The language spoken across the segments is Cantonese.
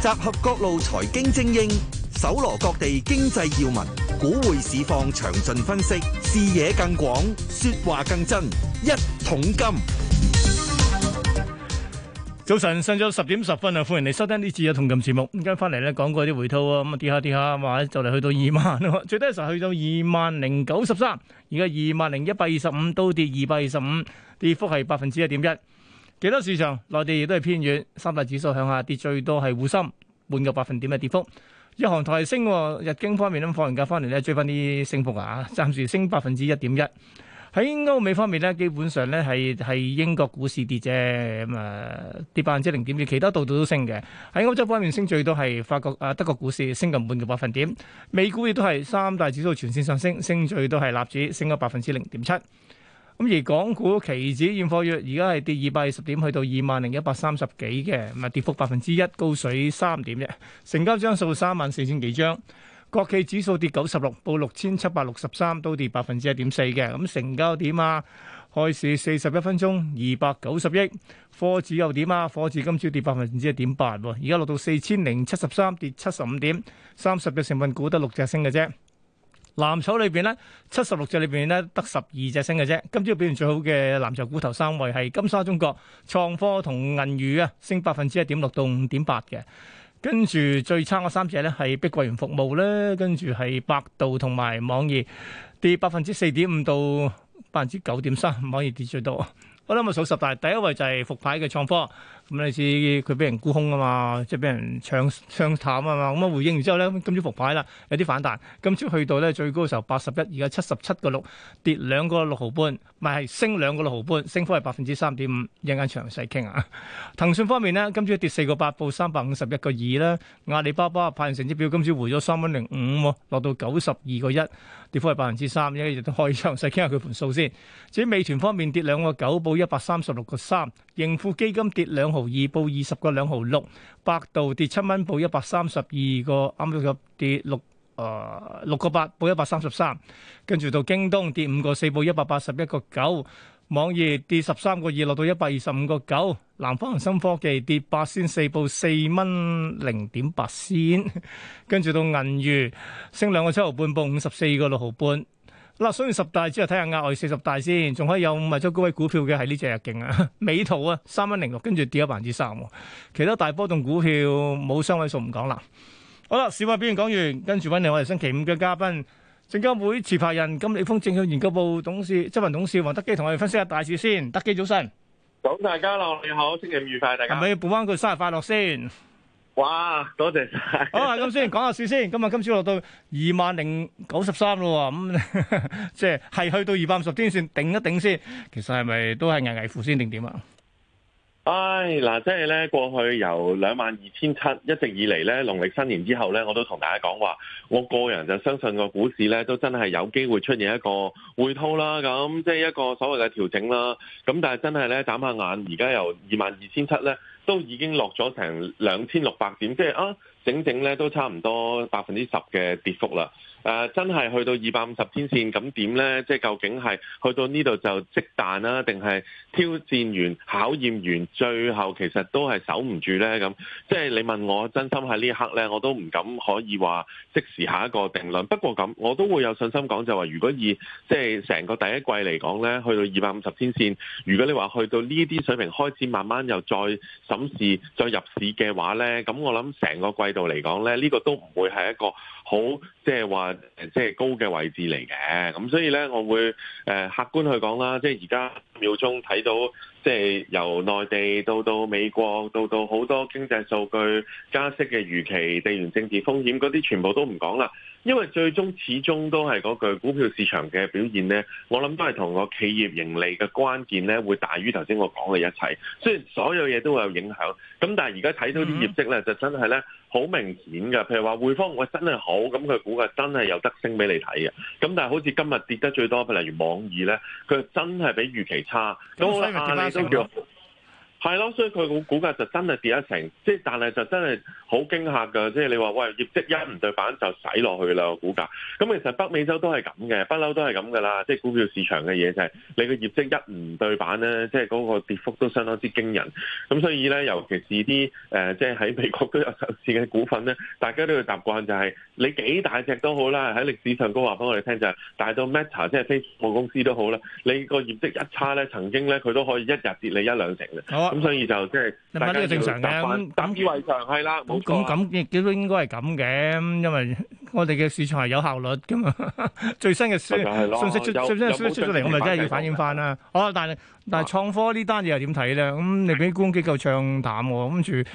集合各路財經精英，搜羅各地經濟要聞，股匯市況詳盡分析，視野更廣，說話更真。一桶金，早晨，上晝十點十分啊！歡迎嚟收聽呢次嘅同琴節目。咁而家翻嚟咧，講過啲回吐啊，咁啊跌下跌下，話就嚟去到二萬，最低時候去到二萬零九十三，而家二萬零一百二十五，都跌二百二十五，跌幅係百分之一點一。幾多市場？內地亦都係偏遠。三大指數向下跌，最多係滬深半個百分點嘅跌幅。日航台升，日經方面咁放完假翻嚟咧，追翻啲升幅啊！暫時升百分之一點一。喺歐美方面咧，基本上咧係係英國股市跌啫，咁、嗯、啊跌百分之零點二。其他度度都升嘅。喺歐洲方面升最多係法國啊，德國股市升近半個百分點。美股亦都係三大指數全線上升，升最多係納指升咗百分之零點七。咁而港股期指現貨月而家係跌二百二十點，去到二萬零一百三十幾嘅，唔係跌幅百分之一，高水三點啫。成交張數三萬四千幾張。國企指數跌九十六，報六千七百六十三，都跌百分之一點四嘅。咁成交點啊？開市四十一分鐘二百九十億。科指又點啊？科指今朝跌百分之一點八喎，而家落到四千零七十三，跌七十五點。三十隻成分股得六隻升嘅啫。藍籌裏邊咧，七十六隻裏邊咧，得十二隻升嘅啫。今朝表現最好嘅藍籌股頭三位係金沙中國、創科同銀娛啊，升百分之一點六到五點八嘅。跟住最差嘅三隻咧係碧桂園服務啦，跟住係百度同埋網易，跌百分之四點五到百分之九點三，網易跌最多。好啦，我數十大，第一位就係復牌嘅創科。咁你知佢俾人沽空啊嘛，即係俾人唱唱淡啊嘛，咁啊回應完之後咧，今朝復牌啦，有啲反彈。今朝去到咧最高嘅時候八十一，而家七十七個六，跌兩個六毫半，唔係升兩個六毫半，升幅係百分之三點五。一陣間詳細傾啊。騰訊方面咧，今朝跌四個八，報三百五十一個二啦。阿里巴巴派完成績表，今朝回咗三蚊零五，落到九十二個一，跌幅係百分之三。一日都可以詳細傾下佢盤數先。至於美團方面跌兩個九，報一百三十六個三。盈富基金跌兩毫。二報二十個兩毫六，百度跌七蚊，報一百三十二個啱啱入跌六呃六個八，報一百三十三。跟住到京東跌五個四，報一百八十一個九。網易跌十三個二，落到一百二十五個九。南方恒生科技跌八仙四，報四蚊零點八仙。跟住到銀娛升兩個七毫半，報五十四個六毫半。嗱，所以十大之後睇下額外四十大先，仲可以有五日走高位股票嘅係呢隻日勁啊，美圖啊，三蚊零六，跟住跌咗百分之三。其他大波動股票冇雙位數唔講啦。好啦，市況表現講完，跟住揾嚟我哋星期五嘅嘉賓，證監會持牌人金利豐證券研究部董事執行董事黃德幾，同我哋分析下大市先。德幾早晨，感大家樂，你好，星期五愉快，大家。係咪要補翻句生日快樂先？哇，多謝晒！ 好啊，咁先講下先。今日今朝落到二萬零九十三啦，咁即係係去到二百五十天線頂一頂先。其實係咪都係危危乎先定點啊？唉，嗱、哎，即係咧，過去由兩萬二千七一直以嚟咧，農曆新年之後咧，我都同大家講話，我個人就相信個股市咧都真係有機會出現一個回吐啦，咁即係一個所謂嘅調整啦。咁但係真係咧，眨下眼，而家由二萬二千七咧。都已經落咗成兩千六百點，即係啊，整整咧都差唔多百分之十嘅跌幅啦。誒、呃、真係去到二百五十天線咁點呢？即係究竟係去到呢度就直彈啦、啊，定係挑戰完、考驗完，最後其實都係守唔住呢？咁即係你問我，真心喺呢一刻呢，我都唔敢可以話即時下一個定論。不過咁，我都會有信心講就話，如果以即係成個第一季嚟講呢，去到二百五十天線，如果你話去到呢啲水平開始慢慢又再審視、再入市嘅話呢，咁我諗成個季度嚟講呢，呢、這個都唔會係一個。好即係話，即係高嘅位置嚟嘅，咁所以呢，我會誒、呃、客觀去講啦。即係而家秒鐘睇到，即係由內地到到美國，到到好多經濟數據、加息嘅預期、地緣政治風險嗰啲，全部都唔講啦。因為最終始終都係嗰句股票市場嘅表現咧，我諗都係同個企業盈利嘅關鍵咧，會大於頭先我講嘅一切，雖然所有嘢都會有影響。咁但係而家睇到啲業績咧，嗯、就真係咧好明顯㗎。譬如話匯豐，我真係好，咁佢估計真係有得升俾你睇嘅。咁但係好似今日跌得最多，譬如例如網易咧，佢真係比預期差。咁啊，你都叫係咯，所以佢個股價就真係跌一成，即係但係就真係好驚嚇㗎。即係你話喂，業績一唔對板就洗落去啦個股價。咁其實北美洲都係咁嘅，不嬲都係咁㗎啦。即係股票市場嘅嘢就係你個業績一唔對板咧，即係嗰個跌幅都相當之驚人。咁所以咧，尤其是啲誒即係喺美國都有上市嘅股份咧，大家都要習慣就係你幾大隻都好啦。喺歷史上高話畀我哋聽就係，大到 Meta 即係 Facebook 公司都好啦，你個業績一差咧，曾經咧佢都可以一日跌你一兩成嘅。咁所以就即係，但係呢個正常嘅，咁咁、嗯、以為常係啦。咁咁亦都應該係咁嘅，因為我哋嘅市場係有效率㗎嘛。最新嘅輸 的 信息出， 最新嘅消息出咗嚟，我咪真係要反映翻啦。好、啊，嗯、但係但係創科呢單嘢又點睇咧？咁、嗯、你俾啲沽空機構唱淡喎，跟住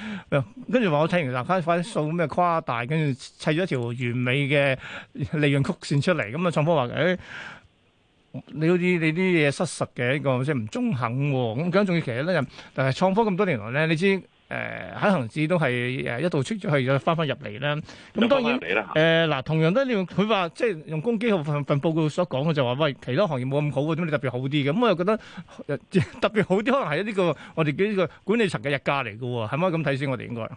跟住話我睇完大家發啲數咩誇大，跟住砌咗條完美嘅利潤曲線出嚟，咁啊創科話誒。哎你好似你啲嘢失實嘅一個即係唔中肯喎、哦，咁更仲要其實咧，但係創科咁多年來咧，你知誒喺恆指都係誒一度出咗去又翻翻入嚟咧，咁、嗯、當然誒嗱、呃、同樣都你用佢話即係用公基號份份報告所講嘅就話、是，喂其他行業冇咁好嘅，點解你特別好啲嘅？咁、嗯、我又覺得特別好啲可能係呢、這個我哋幾個管理層嘅日價嚟嘅喎，係咪咁睇先？我哋應該。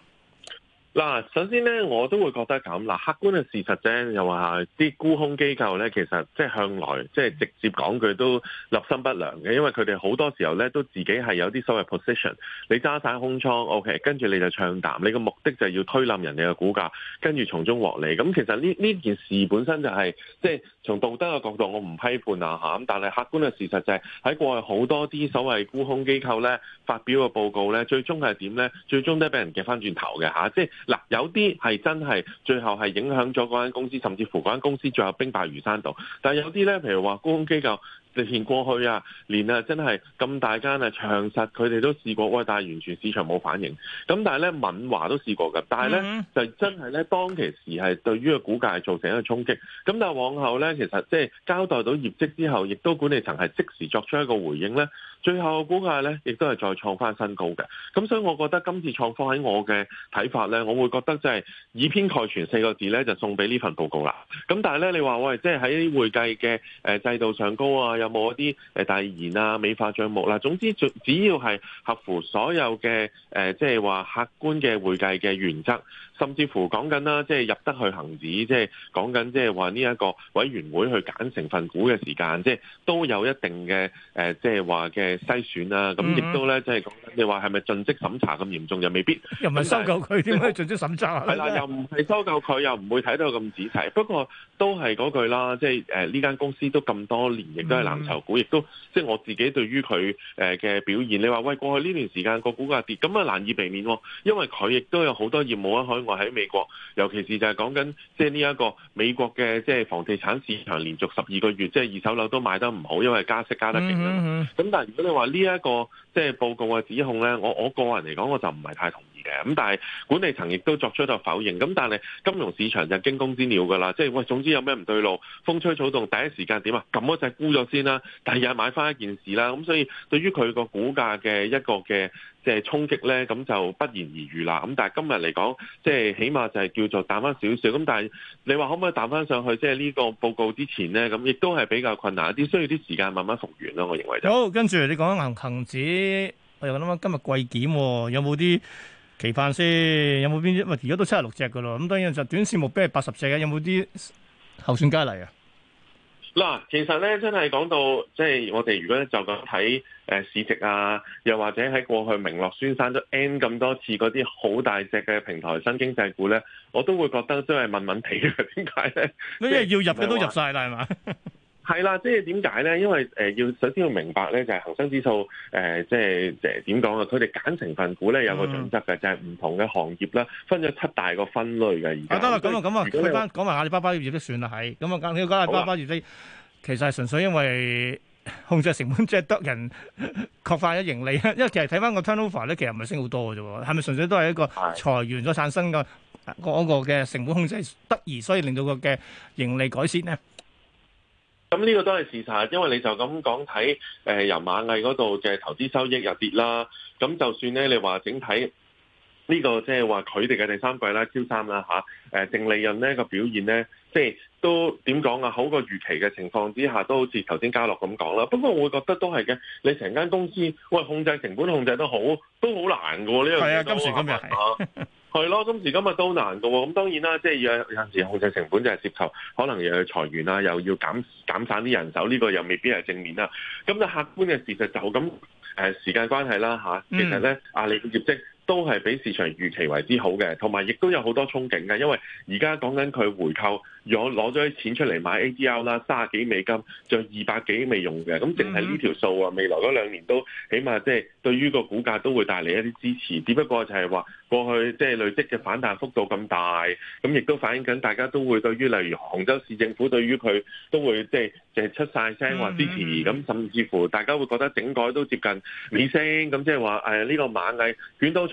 嗱，首先咧，我都會覺得咁。嗱，客觀嘅事實啫、就是，又話啲沽空機構咧，其實即係向來即係、就是、直接講句都立心不良嘅，因為佢哋好多時候咧都自己係有啲所謂 position，你揸晒空倉，OK，跟住你就唱淡，你個目的就係要推冧人哋嘅股價，跟住從中獲利。咁其實呢呢件事本身就係即係從道德嘅角度，我唔批判啊吓。但係客觀嘅事實就係、是、喺過去好多啲所謂沽空機構咧發表嘅報告咧，最終係點咧？最終都係俾人夾翻轉頭嘅吓，即係。嗱、啊，有啲係真係最後係影響咗嗰間公司，甚至乎嗰間公司最後兵敗如山倒。但係有啲咧，譬如話沽空機構歷年過去啊，連啊真係咁大間啊長實，佢哋都試過，喂，但係完全市場冇反應。咁但係咧，敏華都試過㗎，但係咧就真係咧當其時係對於個股價造成一個衝擊。咁但係往後咧，其實即係交代到業績之後，亦都管理層係即時作出一個回應咧。最後估價咧，亦都係再創翻新高嘅。咁所以，我覺得今次創科喺我嘅睇法咧，我會覺得即係以偏概全四個字咧，就送俾呢份報告啦。咁但係咧，你話喂，即係喺會計嘅誒制度上高啊，有冇一啲誒大言啊美化帳目啦？總之，只要係合乎所有嘅誒、呃，即係話客觀嘅會計嘅原則，甚至乎講緊啦，即係入得去恆指，即係講緊即係話呢一個委員會去揀成分股嘅時間，即係都有一定嘅誒、呃，即係話嘅。嘅篩選啦，咁亦都咧，即係講緊你話係咪盡職審查咁嚴重又未必，又唔係收購佢，點可以盡職審查？係啦的的，又唔係收購佢，又唔會睇到咁仔細。不過都係嗰句啦，即係誒呢間公司都咁多年，亦都係藍籌股，亦都即係、就是、我自己對於佢誒嘅表現，你話喂過去呢段時間個股價跌，咁啊難以避免、哦，因為佢亦都有好多業務喺海外喺美國，尤其是就係講緊即係呢一個美國嘅即係房地產市場連續十二個月即係、就是、二手樓都賣得唔好，因為加息加得勁啊嘛。咁但係你話呢一個即係報告嘅指控咧，我我個人嚟講我就唔係太同意嘅。咁但係管理層亦都作出咗否認。咁但係金融市場就驚弓之鳥㗎啦，即係喂，總之有咩唔對路，風吹草動，第一時間點啊，撳一隻沽咗先啦，第二日買返一件事啦。咁所以對於佢個股價嘅一個嘅嘅衝擊咧，咁就不言而喻啦。咁但係今日嚟講，即係起碼就係叫做彈翻少少。咁但係你話可唔可以彈翻上去？即係呢個報告之前咧，咁亦都係比較困難一啲，需要啲時間慢慢復原咯。我認為就是、好。跟住你講緊恒指，我又諗下今日季檢、哦、有冇啲期盼先？有冇邊啲？咪而家都七十六隻噶咯。咁當然就短線目標係八十隻嘅。有冇啲候選佳麗啊？嗱，其實咧，真係講到即係我哋如果就咁睇誒市值啊，又或者喺過去名落孫山都 N 咁多次嗰啲好大隻嘅平台新經濟股咧，我都會覺得真係問問題，點解咧？因為要入嘅都入晒啦，係嘛？係啦，即係點解咧？ 因為誒，要首先要明白咧，就係恒生指數誒，即係誒，點講啊？佢哋揀成分股咧，有個準則嘅，就係唔同嘅行業咧，分咗七大個分類嘅。而家得啦，咁啊，咁啊，翻講埋阿里巴巴嘅業績都算啦，係咁啊，講你阿里巴巴業績，巴巴業啊，其實係純粹因為控制成本，即係得人擴大咗盈利，因為其實睇翻個 turnover 咧，其實唔係升好多嘅啫，係咪純粹都係一個裁員所產生個嗰個嘅成本控制得宜，所以令到個嘅盈利改善咧？咁呢個都係事實，因為你就咁講睇，誒、呃、由螞蟻嗰度嘅投資收益又跌啦。咁就算咧，你話整體呢、這個即係話佢哋嘅第三季啦、超三啦吓，誒、啊、淨、呃、利潤咧個表現咧，即係都點講啊？好過預期嘅情況之下，都好似頭先嘉樂咁講啦。不過我會覺得都係嘅，你成間公司喂控制成本控制得好，都好難嘅呢樣嘢。係啊，今時今日係咯，今時今日都難噶喎。咁當然啦，即係有有陣時控制成本就係涉及可能又要裁員啊，又要減減省啲人手，呢個又未必係正面啊。咁就客觀嘅事實就咁誒，時間關係啦嚇。其實咧，阿里嘅業績， 都係比市場預期為之好嘅，同埋亦都有好多憧憬嘅，因為而家講緊佢回購，有攞咗啲錢出嚟買 ADR 啦，卅幾美金，就二百幾未用嘅，咁淨係呢條數啊，未來嗰兩年都起碼即係對於個股價都會帶嚟一啲支持。只不過就係話過去即係累積嘅反彈幅度咁大，咁亦都反映緊大家都會對於例如杭州市政府對於佢都會即係即係出晒聲話支持，咁、嗯嗯嗯、甚至乎大家會覺得整改都接近尾聲，咁即係話誒呢個螞蟻捲到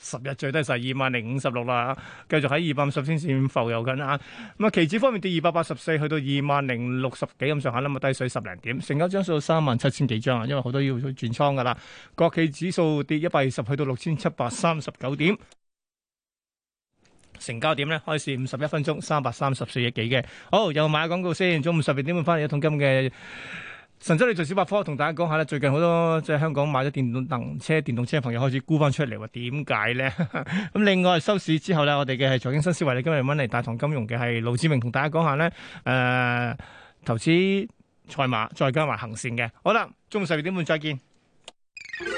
十日最低二萬零五十六啦，繼續喺二百五十天線浮遊緊啊！咁啊，期指方面跌二百八十四，去到二萬零六十幾咁上下啦，冇低水十零點，成交張數三萬七千幾張啊，因為好多要轉倉噶啦。國企指數跌一百二十，去到六千七百三十九點，成交點咧，開始五十一分鐘三百三十四億幾嘅。好，又買下廣告先，中午十二點翻嚟一桶金嘅。神州，你做小百科，同大家講下咧，最近好多即係香港買咗電動能車、電動車嘅朋友開始沽翻出嚟，話點解咧？咁 另外收市之後咧，我哋嘅係財經新思維，今你今日搵嚟大堂金融嘅係盧志明，同大家講下咧，誒、呃，投資賽馬再加埋行綫嘅，好啦，中午十二點半再見。